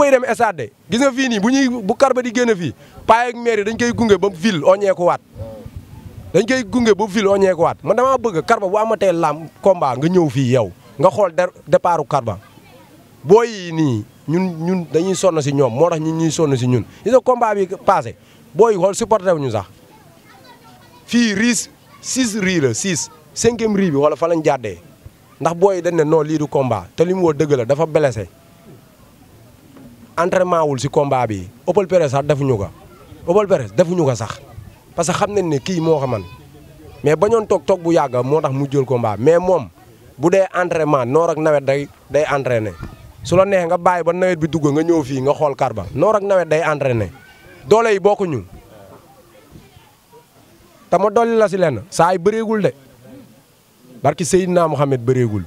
booy dem stade gis nga fii nii bu ñuy bu Karba di génn fii paa ak maire dañ koy gunge ba ville oññeeku waat dañ koy gunge ba ville oññeeku waat man damaa bëgg Karba bu amatee lam combat nga ñëw fii yow nga xool départu Karba booy ni nii ñun ñun dañuy sonn si ñoom moo tax ñun ñuy sonn si ñun gis nga combat bi passé booy xool supporté wu ñu sax fii riis six rii la six cinquième rii bi wala fa lañ jàddee ndax booy dañ ne noo liiru du combat li mu woo dëgg la dafa blessé entraînement wul si combat bi Opel Pérez sax defuñu ko Opel Pérez defuñu ko sax parce que xam nañ ne kii moo ko man mais bañoon toog toog bu yàgg moo tax mu jël combat mais moom bu dee entraînement noor ak nawet day day entraîné su la neexee nga bàyyi ba nawet bi dugg nga ñëw fii nga xool Karba noor ak nawet day entraîné doole yi bokkuñu te ma dolli la si lenn saa yi bëreegul de barki Seydina Mohamed bëreegul.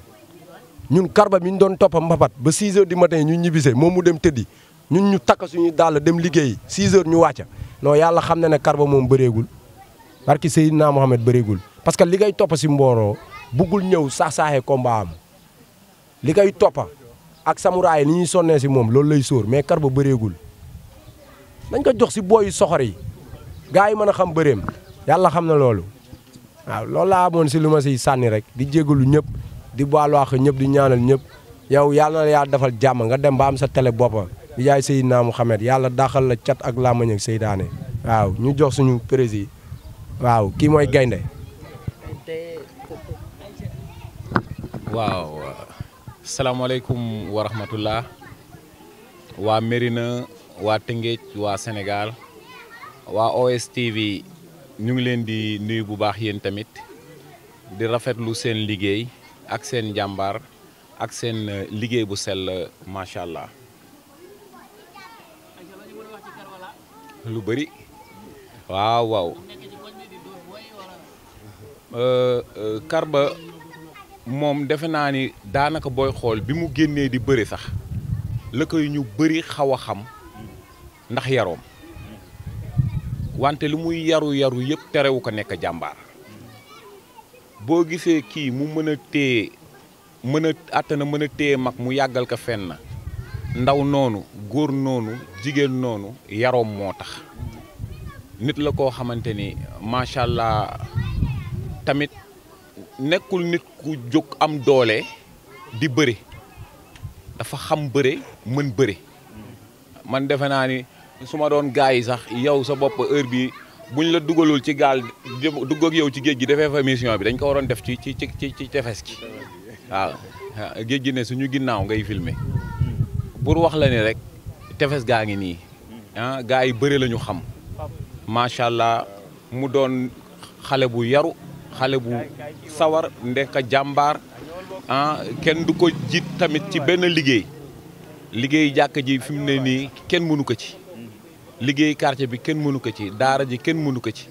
ñun karba mi ñu doon toppa mbapat ba 6 di du matin ñu ñibbise moom mu dem tëddi ñun ñu takk suñu dàll dem liggéey 6 heures ñu wàcca noo yàlla xam na ne karba moom bëreegul barki naa Mohamed bëreegul parce que li ngay toppa si mbooroo buggul ñëw saax-saaxee combat am li toppa ak samuraay ni ñuy sonnee si moom loolu lay sóor mais karba bëreegul dañ ko jox si booyu soxor yi gars yi mën a xam bëreem yàlla xam na loolu waaw loolu laa amoon si lu ma siy sànni rek di jégalu ñëpp di baalu àq ñëpp di ñaanal ñëpp yow yàlla na yaa defal jàmm nga dem ba am sa télé boppam di jaay Seydina Mouhamed yàlla daaxal la cat ak làmmañ ak seytaane waaw ñu jox suñu prési waaw kii mooy gaynde waaw salaamaaleykum wa rahmatullah waa Mérina waa Tëngéej waa Sénégal waa OSTV ñu ngi leen di nuyu bu baax yéen tamit di rafetlu seen liggéey ak seen njàmbaar ak seen euh, liggéey bu sell macha allah lu bari waaw waaw euh, euh, Karba moom defe naa ni daanaka booy xool bi mu génnee di bëri sax la koy ñu bari xaw a xam ndax yaroom wante lu muy yaru yaru yëpp terewu ko nekk jàmbaar boo gisee kii mu mën a téye mën a àttana mën a téye mag mu yàggal ko fenn ndaw noonu góor noonu jigéen noonu yaroom moo tax nit la koo xamante ni macha allah tamit nekkul nit ku jóg am doole di bëre dafa xam bëre mën bëre man defe naa ni su ma doon gars yi sax yow sa bopp heure bi buñ la dugalul ci gaal dugg ak yow ci géej gi defee fa mission bi dañ ko waroon def ci ci ci ci tefes gi waaw géej gi ne suñu ginnaaw ngay filmer pour wax la ni rek tefes gaa ngi nii ah gaa yi bëri la xam macha allah mu doon xale bu yaru xale bu sawar ndekka jàmbaar kenn du ko jiit tamit ci benn liggéey liggéey jàkk ji fi mu ne nii kenn mënu ko ci liggéey quartier bi kenn mënu ko ci daara ji kenn mënu ko ci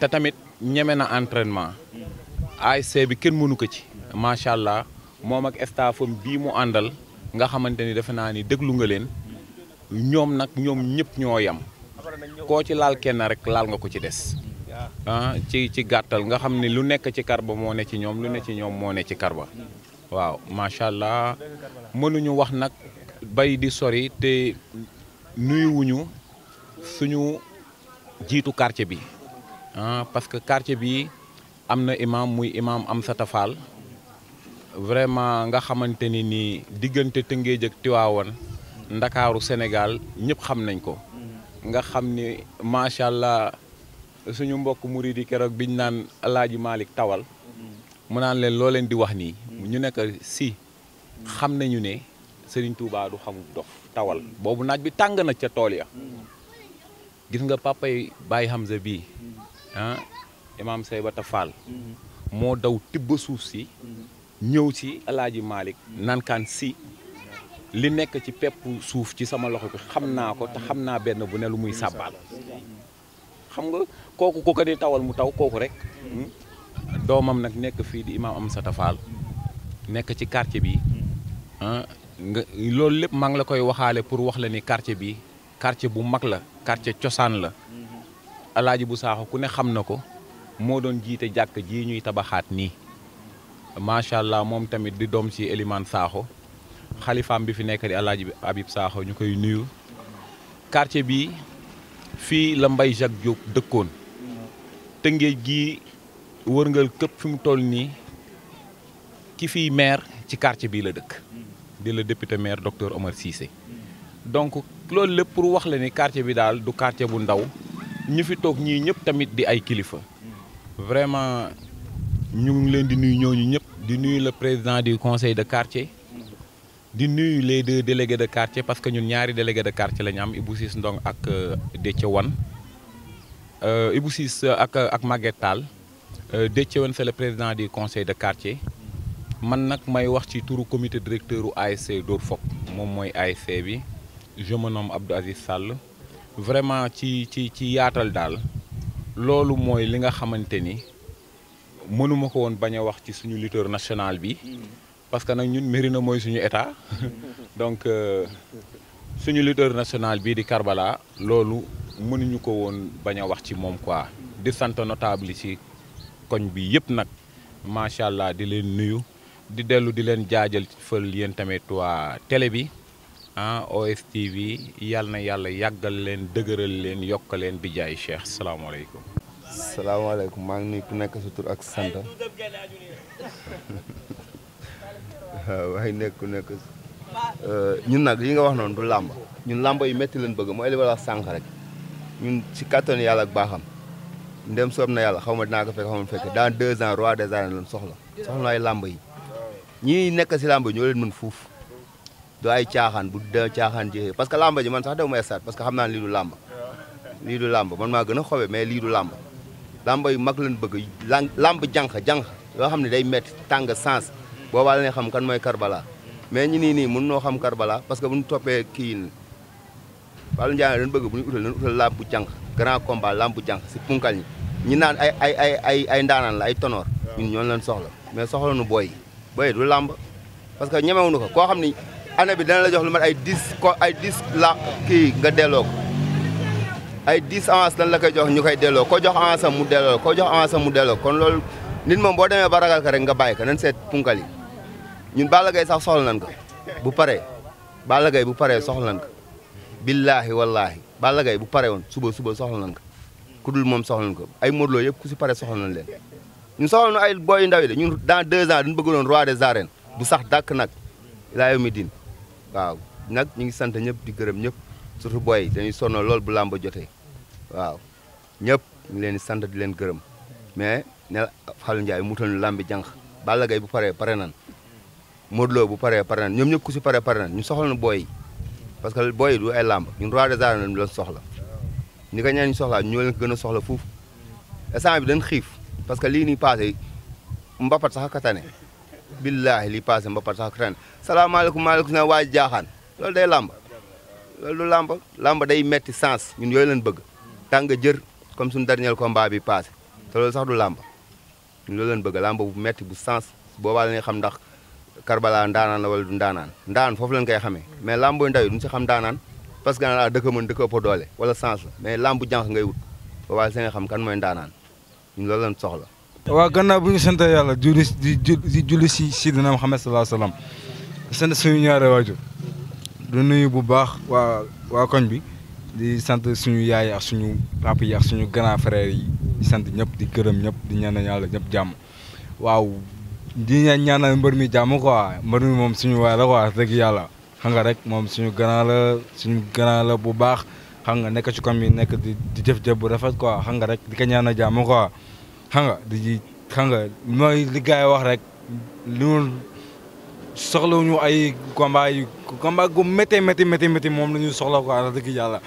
te tamit ñeme na entraînement ASC bi kenn mënu ko ci macha allah moom ak staffam bii mu àndal nga xamante ni defe naa ni déglu nga leen ñoom nag ñoom ñëpp ñoo yam koo ci laal kenn rek laal nga ko ci des ah ci ci gàttal nga xam ne lu nekk ci Karba moo ne ci ñoom lu ne ci ñoom moo ne ci Karba waaw macha allah mënuñu wax nag bay di sori te nuyuwuñu suñu jiitu kàrce bi ah parce que quartier bi am na imaam muy imam Amsata Fall vraiment nga xamante ni nii diggante Tëngéej ak Tiwaawan Ndakaaru Sénégal ñëpp xam nañ ko nga xam ni macha allah suñu mbokk murid keroog bi ñu naan alaaji Malick tawal mu naan leen loo leen di wax nii ñu nekk si xam nañu ne Serigne Touba du xamul dof tawal boobu naaj bi tàng na ca tool ya gis nga papay bàyyi Hamza bi mm-hmm. ah imaam Saybata Fall mm-hmm. moo daw tibb suuf si mm-hmm. ñëw ci alaaji Malick nankaan si li nekk ci pepp suuf ci sama loxo bi xam naa ko te xam naa benn bu ne lu muy sàbbaal xam nga kooku ku ko di tawal mu taw kooku rek doomam nag nekk fii di imaam Amsata Fall nekk ci quartier bi ah, nga loolu lépp maa ngi la koy waxaale pour wax la ni quartier bi quartier bu mag la quartier cosaan la mm-hmm. alaaji bu saaxo ku ne xam na ko moo doon jiite jàkk ji ñuy tabaxaat nii macha allah moom tamit di doom ci Elimane Sakho xalifaam bi fi nekk di alaaji Habib Sakho ñu koy nuyu quartier bi fii la Mbaye Jacques Diop dëkkoon mm-hmm. tëngéej gi wërngal këpp fi mu toll nii ki fiy maire ci quartier bii la dëkk mm-hmm. di la député maire docteur Omar Cissé donc loolu lépp pour wax la ni quartier bi daal du quartier bu ndaw ñu fi toog ñii ñëpp tamit di ay kilifa vraiment ñu ngi leen di nuyu ñu ñëpp di nuyu le président du conseil de quartier di nuyu les deux délégués de quartier parce que ñun ñaari délégués de quartier la ñu am Ibou Ciss Ndong ak euh, Déthié Wan euh, Ibou Ciss euh, ak ak Maguette Tall Déthié Wan c'est le président du conseil de quartier man nag may wax ci turu commité directeur u ASC Dóor Fopp moom mooy ASC bi je me nomme Abdou Aziz vraiment ci ci ci yaatal daal loolu mooy li nga xamante ni mënuma ko woon bañ a wax ci suñu lutteur national bi parce que nag ñun Mérina mooy suñu état donc euh, suñu lutteur nationale bii di Karbala loolu mënuñu ko woon bañ a wax ci moom quoi di sant notable yi ci koñ bi yëpp nag macha allah di leen nuyu di dellu di leen jaajal fël yéen tamit waa télé bi ah OSTV yàlla na yàlla yàggal leen dëgëral leen yokk leen bi jaay Cheikh salaamaaleykum. salaamaaleykum maa ngi nuyu ku nekk sa tur ak sant waaye nekk ku nekk euh, ñun nag li nga wax noonu du làmb ñun làmb yu métti leen bëgg mooy li ma la sànq rek ñun si kattan yàlla ak baaxam ndem soob na yàlla xaw ma dinaa ko fekk xaw ma fekk dans roi des arènes lañ soxla soxla ay làmb yi ñii nekk si làmb ñoo leen mën fuuf. du ay caaxaan bu da caaxaan jeexee parce que làmba ji man sax dew ma stade parce que xam naa lii du làmb lii du làmb man maa gën a xobe mais lii du làmb làmba yu mag lañ bëgg làmb jànq jànq yoo xam ne day met tàng sens boobaa la ne xam kan mooy bala mais ñi nii nii mën noo xam bala parce que bu ñu tope kii yi Fallou Ndiaye dañ bëgg bu ñu utal dañ utal làmb jànq grand combat làmb jànq si punkal ñi ñi naan ay ay ay ay ay ndaanaan la ay tonoor ñun ñoonu leen soxla mais soxla nu booy booy du làmb année bi dana la jox lu mat ay ko ay dix la kii nga delloo ay dix avance lan la koy jox ñu koy delloo ko jox avance mu delloo ko jox avance mu delloo kon loolu nit moom boo demee ba ragal rek nga bàyyi ko nan seet punkal yi ñun Balla gay sax soxla nan ko bu paree Balla Gaye bu paree soxla nan ko billaahi wallaahi Balla Gaye bu paree woon suba suba soxla nan ko ku dul moom soxla nan ko ay Modou Lo yëpp ku si pare soxla nan leen ñun soxla nu ay booy ndaw yi de ñun dans deux ans dañu bëgg doon roi des bu sax dàkk nag laa waaw nag ñu ngi sant ñëpp di gërëm ñëpp surtout booy dañuy sonno lool bu làmb jotee waaw ñëpp ñu leen di sant di leen gërëm mais ne Fallou Ndiaye mutal ñu làmbi jànq Balla Gaye bu paree pare nan Modou Lo bu paree pare nan ñoom ñëpp ku si paree pare nan ñu soxla nu booy parce que booy du ay làmb ñun roi des arènes lañ soxla ni ko ñaan ñu soxlaa ñoo gën a soxla fuuf instant bi dañ xiif parce que lii nii passé mbapat sax katane billaahi li passé mbapat sax ren salaamaaleykum maaleykum salaam waaj jaaxaan loolu day làmb loolu du làmb làmb day metti sens ñun yooyu leen bëgg tàng jër comme suñu dernier combat bi passé te loolu sax du làmb ñun loolu leen bëgg làmb bu metti bu sens boobaa la xam ndax Karbala ndaanaan la wal du ndaanaan ndaan foofu leen kay xamee mais làmbu ndaw yi duñu si xam ndaanaan parce que naa dëkk mën doole wala sens la mais làmbu jànq ngay wut boobaa la si loolu leen soxla waaw gannaaw bu ñu sant yàlla julli di di julli si Sidina Muhammad sallallahu alayhi wa sallam di sant suñu ñaari nuyu bu baax waa waa koñ bi di sant suñu yaay ak suñu papa yi ak suñu grand frère yi di sant ñëpp di gërëm ñëpp di ñaanal yàlla ñëpp jàmm waaw di ñaana mbër mi jàmm quoi mbër mi moom suñu waay la quoi yàlla xam nga rek moom suñu grand la suñu grand bu baax xam nga nekk ci koñ bi nekk di di jëf-jëf bu rafet quoi xam rek di ko ñaanal jàmm quoi. xam nga di xam nga mooy li wax rek lu soxlawuñu ay combat yu combat gu métti métti métti moom la soxla ko wax dëgg yàlla.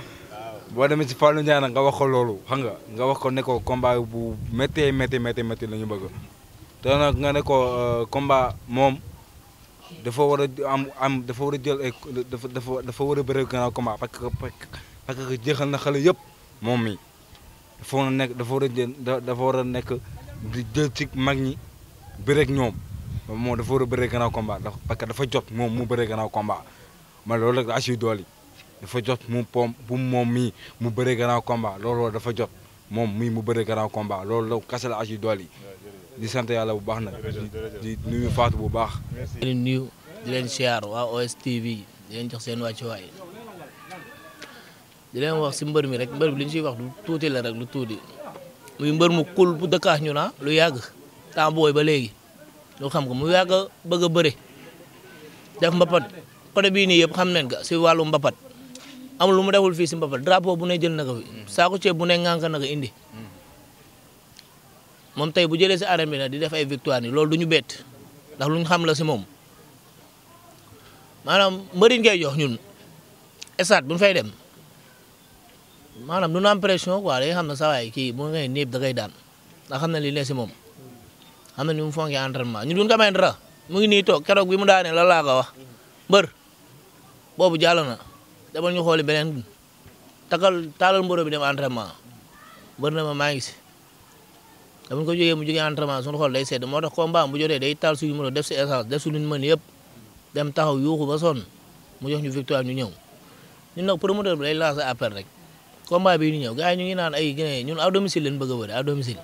boo demee si Fallou Ndiaye nga wax ko loolu xam nga wax ko ne ko combat bu méttee métti métti lañu la ñu bëgg te nag nga ne ko euh, combat moom dafa war a am am jël ay dafa dafa war a bëre gànnaaw combat parce que parce que jeexal na xale yëpp moom mi dafa war a nekk dafa war a jël dafa war a nekk di jël ci mag ñi bëreek ak ñoom moom dafa war a bëree gannaaw combat ndax parce que dafa jot moom mu bëree gannaaw combat man loolu rek dool dafa jot mu pom bu moom mu bëree gannaaw combat loolu dafa jot moom mii mu bëree gannaaw combat loolu la kese la assuy dool yi di sant yàlla bu baax nag di nuyu Fatou bu baax. di nuyu di leen siyaar waa OSTV di leen jox seen wàccuwaay. di leen wax si mbër mi rek mbër bi li ñu siy wax lu tuuti la rek lu tuuti muy mbër mu kul bu dëkkaas ñu na ah, lu yàgg temps booy ba léegi lu xam ko mu yàgg a bëgg a bëre def mbapat côté bii nii yëpp xam nañ ko si wàllu mbapat amul lu mu deful fii si mbapat drapeau bu ne jël na ko fi saako ceeb bu ne ŋànk na ko indi moom tey bu jëlee si arène bi nag di def ay victoire ni lool du ñu bett ndax lu ñu xam la si moom maanaam mbëriñ ngay jox ñun stade bu ñu fay dem. maanaam du na am pression quoi day xam kii bu ngay néeb da ngay daan ndax xam na li ne si moom xam na ni mu fonkee entraînement ñu duñ ko mu ngi nii toog keroog mu daanee la laa ko wax mbër boobu jàll na demal ñu xooli beneen takal taalal mboro bi dem entraînement mbër na ma maa ngi si damuñ ko jógee mu jógee entraînement suñu xool day sedd moo tax combat bu jotee day taal suñu mën def si essence def suñu mën mu jox ñu victoire ñu ñëw ñun nag promoteur bi lay lancer appel rek combat bi di ñëw gars yi ñu ngi naan ay Guinée ñun à domicile a bëri à domicile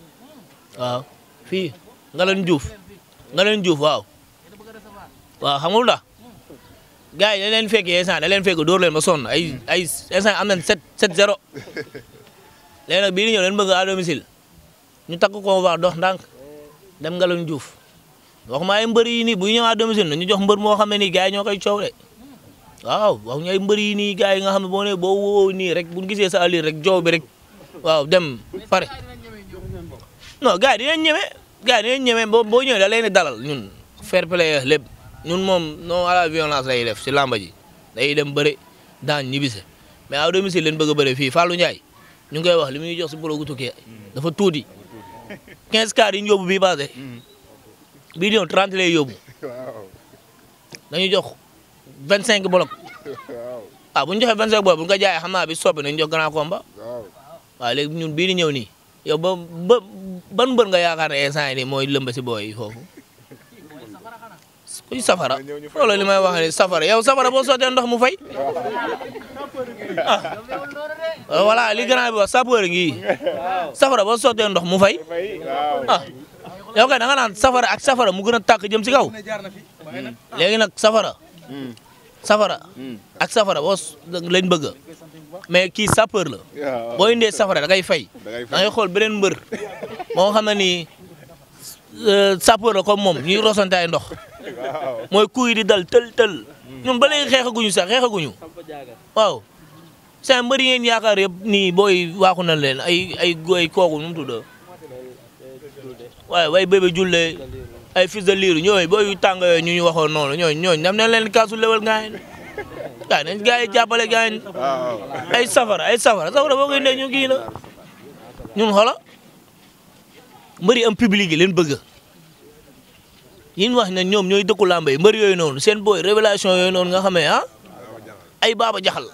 waaw fii nga leen juuf nga leen juuf waaw waaw xam nga lu tax gars yi da leen fekk instant da leen fekk dóor leen ba sonn ay ay instant am nañ 7 7 0 léegi nag bii di ñëw leen bëgg à domicile ñu takk convoi dox ndànk dem nga leen juuf waxuma ay mbër yi nii ñu jox mbër moo xam ne nii ñoo koy coow de waaw wax ñu ay mbër yi nii gars yi nga xam ne boo nee boo woo nii rek bu ñu gisee sa rek joow bi rek waaw dem pare. non gars yi dinañ ñeme gars yi dinañ ñeme boo boo ñëwee da dalal ñun fair play lépp ñun moom non à la violence lay def si lamba ji day dem bëri daan ñibise mais à domicile leen bëgg a bëri fii Fallou Ndiaye ñu ngi koy wax li muy jox si bologu tukkee dafa tuuti 15 quarts yi ñu yóbbu bii passé mm. bii di 30 lay jox. vingt cinq bloc waaw ah, bu ñu joxee vingt cinq bloc bu ñu ko jaayee xam bi soppi nañu jox grand combat waaw léegi ñun bii di ñëw nii yow ba ba ban mbër nga yaakaar ne instant yii nii mooy lëmb si booy yi foofu kuy safara loolu li may wax ni safara yow safara boo sottee ndox mu fay ah voilà li grand bi wax sapeur ngi safara boo sottee ndox mu fay ah yow kay da nga naan safara ak safara mu gën a tàkk jëm si kaw hmm. léegi nag safara. safara hmm. ak safara boo lañ bëgg mais kii sapeur la boo indee safara da ngay fay da ngay xool beneen mbër moo xam ne nii euh, sapeur la comme moom ñuy rosante ay ndox mooy kuy di dal tël tël hmm. ñun ba léegi xeexaguñu sax xeexaguñu waaw saa mbër yi ngeen yaakaar yëpp nii booy waaxu na leen ay ay ay kooku nu mu tudd waaye way bébé julle ay fils de liiru ñooy booy tàng yooyu ñu ñu waxoon noonu ñooy ñooñu dem nañ leen kaasu lewal ngaa yéen waaw nañ gaa ay safara ay safara safara boo koy indee ñu kii ñun xola mbëri am public yi leen bëgg yin wax ne ñoom ñooy dëkku làmb yi yooyu noonu seen booy révélation yooyu noonu nga xamee ah ay baaba jaxal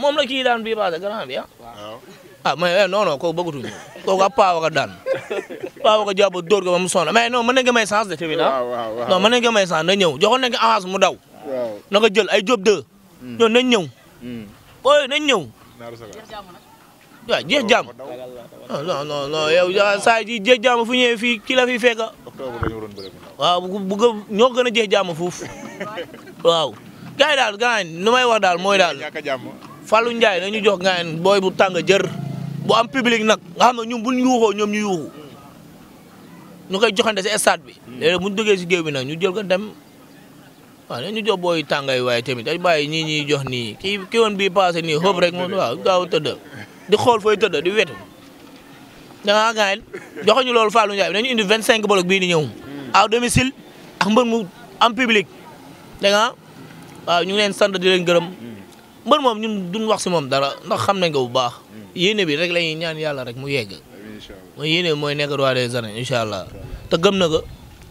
moom la kii daan bii baada grand bi ah. ah mais eh, non non kooku bëggatuñu kooku ab paa waka daan paa waka jàpp dóor ko ba mu sonn mais non mën nañ ko de tamit ah. non mën nañ ko ñëw joxoon nañ ko mu daw. waaw ay job deux. ñoom hmm. nañ ñëw. Hmm. ooy nañ ñëw. waaw jeex ah, saa ji jeex jàmm fu ñëwee fii ki la fi fekk. waaw gën a jeex jàmm foofu waaw. gars yi daal gars yi nu daal mooy daal Fallou Ndiaye nañu jox gars booy bu tàng jër. bu am public nag nga xam na ñun buñ yuuxoo ñoom ñu yuuxu ñu koy joxante si stade bi. Hmm. léeg-léeg duggee si géew bi nag ñu jël ko dem waaw ne ñu jox tàngaay waaye tamit dañ bàyyi ñii ñuy jox nii kii ki woon bii passé nii xóob rek moom waaw gaaw tëdd di xool fooy tëdd di wetu. dangaa gaañ joxuñu loolu Fallou Ndiaye dañu indi vingt cinq bolok bii di ñëw. Hmm. à domicile ak mbër mu am public. da waaw ñu ngi leen sant di leen gërëm hmm. mbër moom ñun duñ wax si moom dara ndax xam nañ ko bu baax. yéene bi rek lañuy ñaan yàlla rek mu yegg mooy yéene bi mooy nekk roi des arènes incha allah te gëm na ko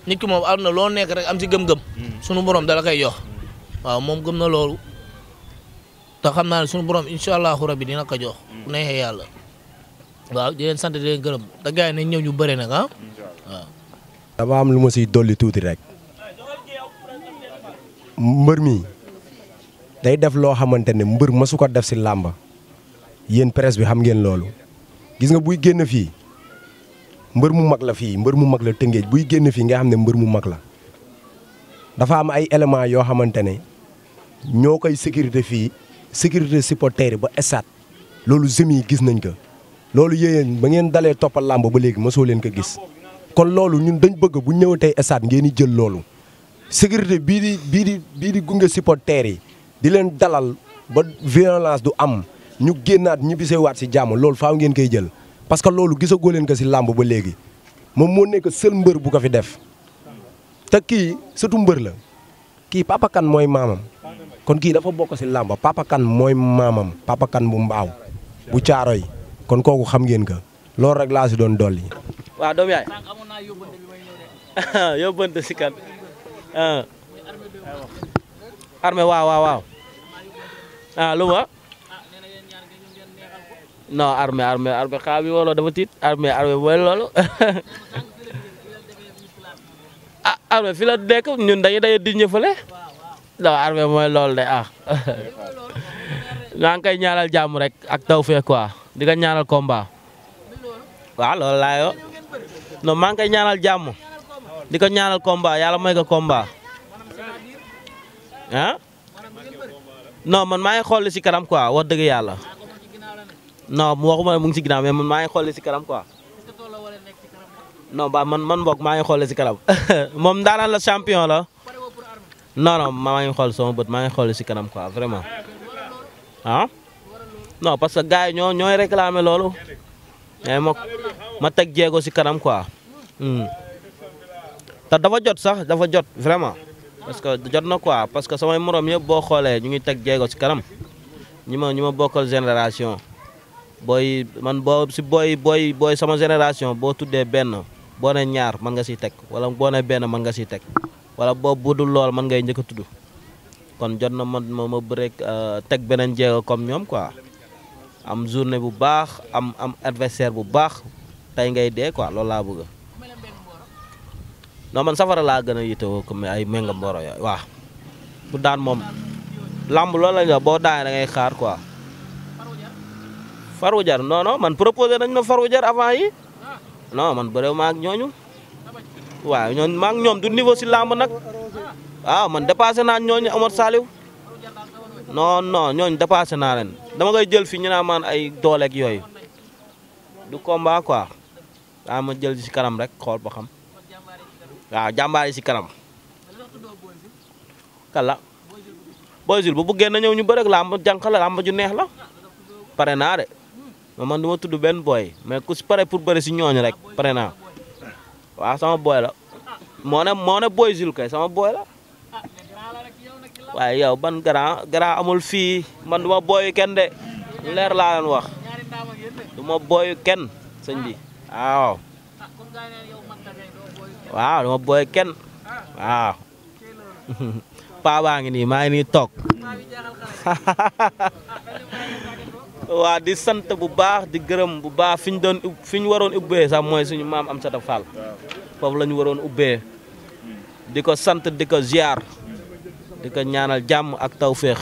nit ki moom àdduna loo nekk rek am si gëm-gëm hmm. sunu borom dala koy jox hmm. waaw moom gëm na loolu te xam naa ne sunu borom incha allahu rabi dina ko jox ku hmm. neexee yàlla waaw di sant di leen gërëm te gars yi nañ ñëw ñu bëre nag ah waaw. dama am lu ma siy dolli tuuti rek mbër mi day def loo xamante ne mbër masu ko def si làmba yéen presse bi xam ngeen loolu gis nga buy génn fii mbër mu mag la fii mbër mu mag la tëngéej buy génn fii nga xam ne mbër mu mag la dafa am ay éléments yoo xamante ne ñoo koy sécurité fii sécurité supporter ba estat loolu jeunes gis nañ ko loolu yéen ba ngeen dalee toppal làmb ba léegi mosoo leen ko gis kon loolu ñun dañ bëgg bu ñëwee tey estat ngeen di jël loolu sécurité bii di bii di bii di gunge supporter yi di leen dalal ba violence du am ñu génnaat ñibbisee waat si jàmm loolu faaw ngeen koy jël parce que loolu gisagoo leen ko si làmb ba léegi moom moo nekk seul mbër bu ko fi def te kii surtout mbër la kii Papa mooy maamam kon kii dafa bokk ci làmb Papa mooy maamam Papa bu mbaaw bu caaro yi kon kooku xam ngeen ka loolu rek laa si doon dolli. waaw doom yaay yóbbante si kan ah. armée waaw waaw waaw ah, lu ma non armée armée armée xaa bi wolo dafa tiit armée armée mooy loolu ah armée fi la nekk ñun dañuy dañuy di ñëfale non armée mooy loolu de ah naa ngi koy ñaanal jàmm rek ak tawfeex quoi di ko ñaanal combat loolu laa yo non maa ngi koy ñaanal jàmm di ko ñaanal combat yàlla may ko combat ah non man maa ngi xool li si kanam quoi wax dëgg yàlla non waxuma mu ngi si ginnaaw mais man maa ngi xoolee si kanam quoi. man man boog maa ngi xoolee si kanam moom daanaan la champion la. non maa ngi xool sama bët maa ngi xool si kanam quoi vraiment ah. ah? non parce que gars yi ñoo ñooy réclamer loolu. mais ma ma teg jéego si kanam quoi. Hmm. te dafa jot sax dafa jot vraiment. parce que jot na quoi parce que samay morom yëpp boo xoolee ñu ngi teg jéego si kanam ñi ma ñi ma bokkal génération. booy man boo si booy booy booy sama génération boo tuddee benn boo ne ñaar mën nga siy teg wala boo ne benn mën nga siy teg wala boo budul lool mën ngay njëkk a tudd kon jot na man ma ma euh, teg beneen jéego comme ñoom quoi am journée bu baax am am adversaire bu baax tey ngay dee quoi loolu laa bëgg. non man safara laa gën a yittewoo comme ay ménga mbooro yooyu waaw bu daan moom lamb loolu la boo daan da ngay xaar quoi. faru jar non man proposé nañ ma faru jar avant yi non man bëréew ma ak ñooñu waaw ma ak ñoom du niveau si làmb nag man dépassé naa ñooñu Omar Saliou non non ñooñu dépassé naa leen dama koy jël fi ñu naa ay dooleeg yooyu du combat quoi daa jël si kanam rek xool ba xam waaw yi si kanam kala Boy Jules bu buggee na ñëw ñu bëre làmb jànq la neex la pare naa man du ma tudd benn booy mais ku si pare pour bëri si ñooñu rek pare naa waaw sama booy la moo ne moo ne booy la waaye yow ban gara grand amul fii man du boy booyu kenn de leer laa leen wax du ma booyu kenn sëñ bi waaw waaw du ma paa baa ngi nii maa ngi toog waa di sant bu baax di gërëm bu baax fi ñu doon fi ñu waroon ubbee sax mooy suñu maam Amsata Fall foofu la lañu waroon ubbee di ko sant di ko ziar di ko ñaanal jàmm ak tawféex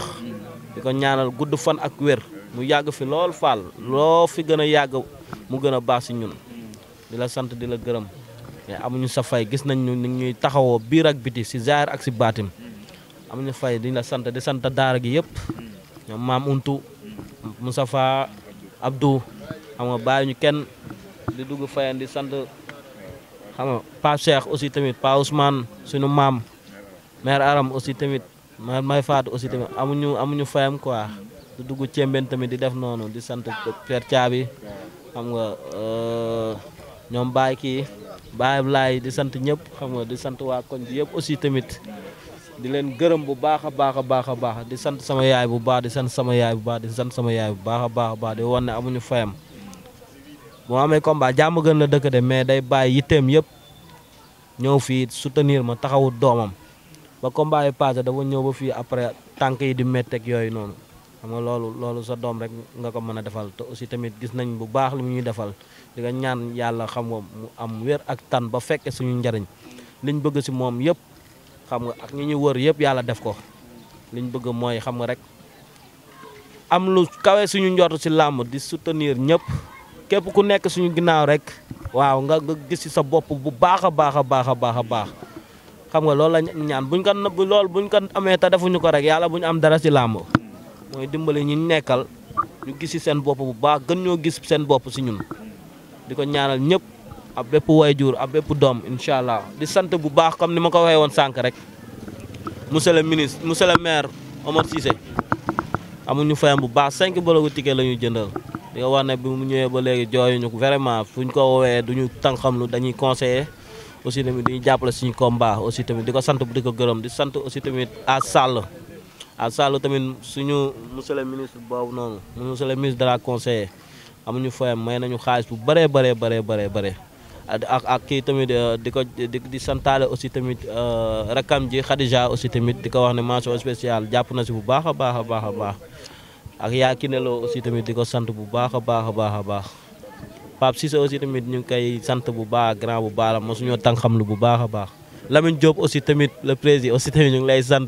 di ko ñaanal gudd fan ak wér mu yàgg fi lool Fall loo fi gën a yàgg mu gën a baax si ñun di la sant di la gërëm mais amuñu sa fay gis nañ ñu ñuy taxawoo biir ak biti si ziar ak si baatim amuñu fay di la sant di sant daara gi yëpp ñoom maam untu Moustapha Abdou xam nga bàyyi ñu kenn di dugg fayan di sant xam nga Pa Cheikh aussi tamit Pa Ousmane suñu maam mère Aram aussi tamit mère May Fatou aussi tamit amuñu amuñu fayam di dugg Thiembène tamit di def noonu di sant Père Thiaby xam nga euh, ñoom Baye ki Baye Laay di sant ñëpp xam nga di sant waa koñ bi yëpp aussi tamit di leen gërëm bu baax a baax a baax a baax di sant sama yaay bu baax di sant sama yaay bu baax di sant sama yaay bu baax baax a baax ne amuñu fayam moo amee combat jàmm gën la dëkk de mais day bàyyi yitteem yëpp ñëw fii soutenir ma taxawu doomam ba combat yi passé dafa ñëw ba fii après tànk yi di métteeg yooyu noonu xam nga loolu loolu sa doom rek nga ko mën a defal te aussi tamit gis nañ bu baax li mu ñuy defal di ñaan yàlla xam nga mu am wér ak tan ba fekke suñu njariñ liñ bëgg si moom yëpp xam nga ak ñi ñu wër yëpp yàlla def ko liñ bëgg mooy xam nga rek am lu kawe suñu njort si làmb di soutenir ñëpp képp ku nekk suñu ginnaaw rek waaw nga nga gis ci sa bopp bu baax a baax a baax a baax a baax xam nga loolu la ñaan buñ ko nëbb lool buñ ko amee te defuñu ko rek yàlla buñ am dara si làmb mooy dimbali ñu nekkal ñu gis ci seen bopp bu baax gën ñoo gis seen bopp si ñun di ko ñaanal ñëpp. ab bépp bépp doom incha allah di sant bu baax comme ni ma ko waxee woon sànq rek monsieur le ministre monsieur le maire Omar Cissé amuñu fayam bu baax cinq bologu ticket la ñu jëndal di ne bi mu ñëwee ba léegi jooyuñu vraiment fuñ ko woowee duñu tànqamlu dañuy conseiller aussi tamit dañuy jàppale suñu combat aussi tamit di ko sant di ko gërëm di sant aussi tamit à Sall à Sall tamit suñu monsieur le ministre boobu may nañu xaalis bu bëree bëree bëree bëree bëree ak ak kii tamit euh, di ko di santaale aussi tamit euh, rakam ji Khadija aussi tamit di ko wax ne mention spéciale jàpp na si bu baax a baax a baax a baax ak yaa kineloo aussi tamit di ko sant bu baax a baax a baax a baax Pape Cissé aussi tamit ñu ngi koy sant bu baax grand bu baax la mosuñoo tànqam lu bu baax a baax Lamine Diop aussi tamit le président aussi tamit ñu ngi lay sant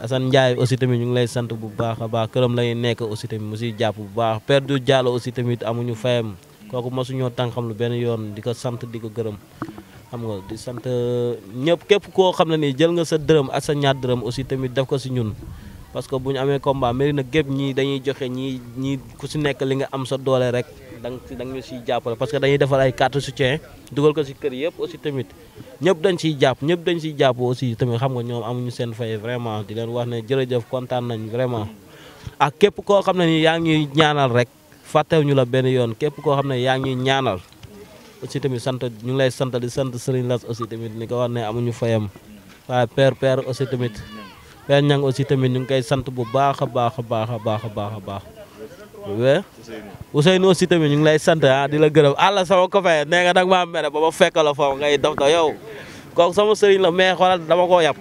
Assane Ndiaye aussi tamit ñu ngi lay sant bu baax a baax këram lay nekk aussi tamit mu siy jàpp bu baax Père du aussi tamit amuñu fayam kooku mosuñoo tànqam lu benn yoon di ko sant di ko gërëm xam nga di sant ñëpp képp koo xam ne nii jël nga sa dërëm ak sa ñaar dërëm aussi tamit def ko si ñun parce que bu ñu amee combat mairie na gépp ñii dañuy joxe ñii ñii ku si nekk li nga am sa doole rek da nga da nga ñu siy jàppale parce que dañuy defar ay carte soutien dugal ko si kër yëpp aussi tamit ñëpp dañ siy jàpp ñëpp dañ siy jàpp aussi tamit xam nga ñoom amuñu seen fay vraiment di leen wax ne jërëjëf kontaan nañ vraiment ak képp koo xam ne nii yaa ngi ñaanal rek fàttewuñu la benn yoon képp koo xam ne yaa ngi ñaanal aussi tamit sant ñu ngi lay sant di sant Serigne Lass aussi tamit ni ko wax ne amuñu fayam waaye père père tamit père ñang aussi ñu ngi koy sant bu baax a baax a baax a baax a baax baax we Ousseynou aussi tamit ñu ngi lay sant ah di la gërëm àlla sama copain nee nga nag maa mere ba la foofu ngay dof ta yow kooku sama sëriñ la mais xoolal dama koo yab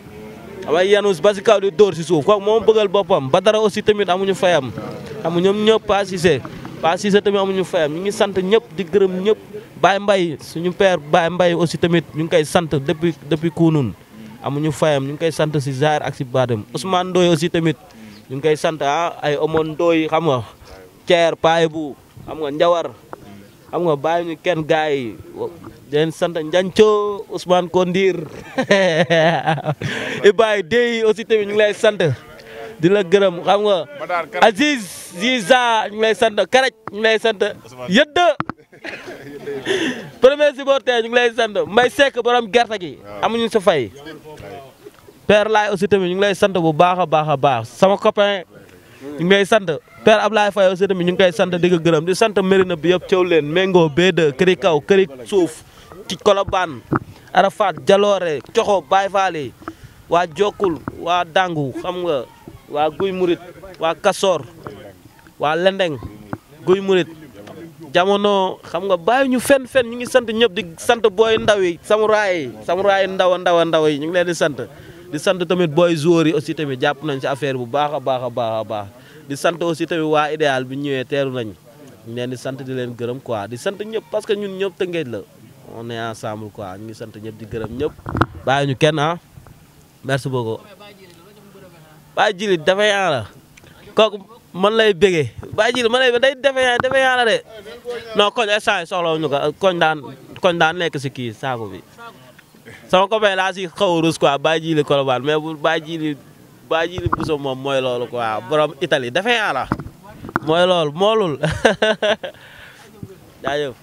damay yanu ba si kaw di dóor si suuf kooku moom bëggal boppam ba dara aussi tamit amuñu fayam amu ñëpp paasise waa Cissé tamit amuñu fayam ñu ngi sant ñëpp di gërëm ñëpp Baye Mbaye suñu père Baye Mbaye aussi tamit ñu ngi koy sant depuis depuis kunun amuñu fayam ñu ngi koy sant si Zaire ak si Badem Ousmane Ndoye aussi tamit ñu ngi koy sant ah ay Omon Ndoye xam nga Thier Paye bu xam nga Njawar xam nga bàyyi ñu kenn gars yi den sant Ndiancho Ousmane Kondir Ibaye Dey aussi tamit ñu ngi lay sant di la gërëm xam nga Aziz Ziza ñu lay sant Karaj ñu lay sant yëdd premier supporter ñu ngi lay sant Mbay Seck borom gerte gi amuñu sa fay per laay aussi tamit ñu ngi lay sant bu baax a baax a baax sama copain ñu ngi lay sant père Ablaye Faye aussi tamit ñu ngi koy sant di gërëm di sant Mérina bi yëpp cëw leen méngoo b këri kaw këri suuf ci Colobane Arafat Jaloore Coxo Baye Fall waa Jokul waa Dangu xam nga waa Guy Murit waa Kasoor waa Lendeng Guy Murit jamono xam nga bàyyi ñu fen fen ñu ngi sant ñëpp di sant booy ndaw yi samuraay yi samuraay ndaw ndaw ndaw yi ñu ngi leen di sant di sant tamit booy joueur yi aussi tamit jàpp nañ ci affaire bu baax a baax a baax a baax di sant aussi tamit waa idéal bi ñëwee teeru nañ ñu leen di sant di leen gërëm quoi di sant ñëpp parce que ñun ñëpp tëngeej la on est ensemble quoi ñu ngi sant ñëpp di gërëm ñëpp bàyyi ñu kenn ah Baye Djily defeyaan la kooku man lay bégee Baye Djily man la de non koñ instant soxlawuñu ko koñ koñ daan nekk si kii saako bi sama copain laa si xaw a rus quoi mooy loolu quoi borom Italie defeyaan la mooy loolu moolul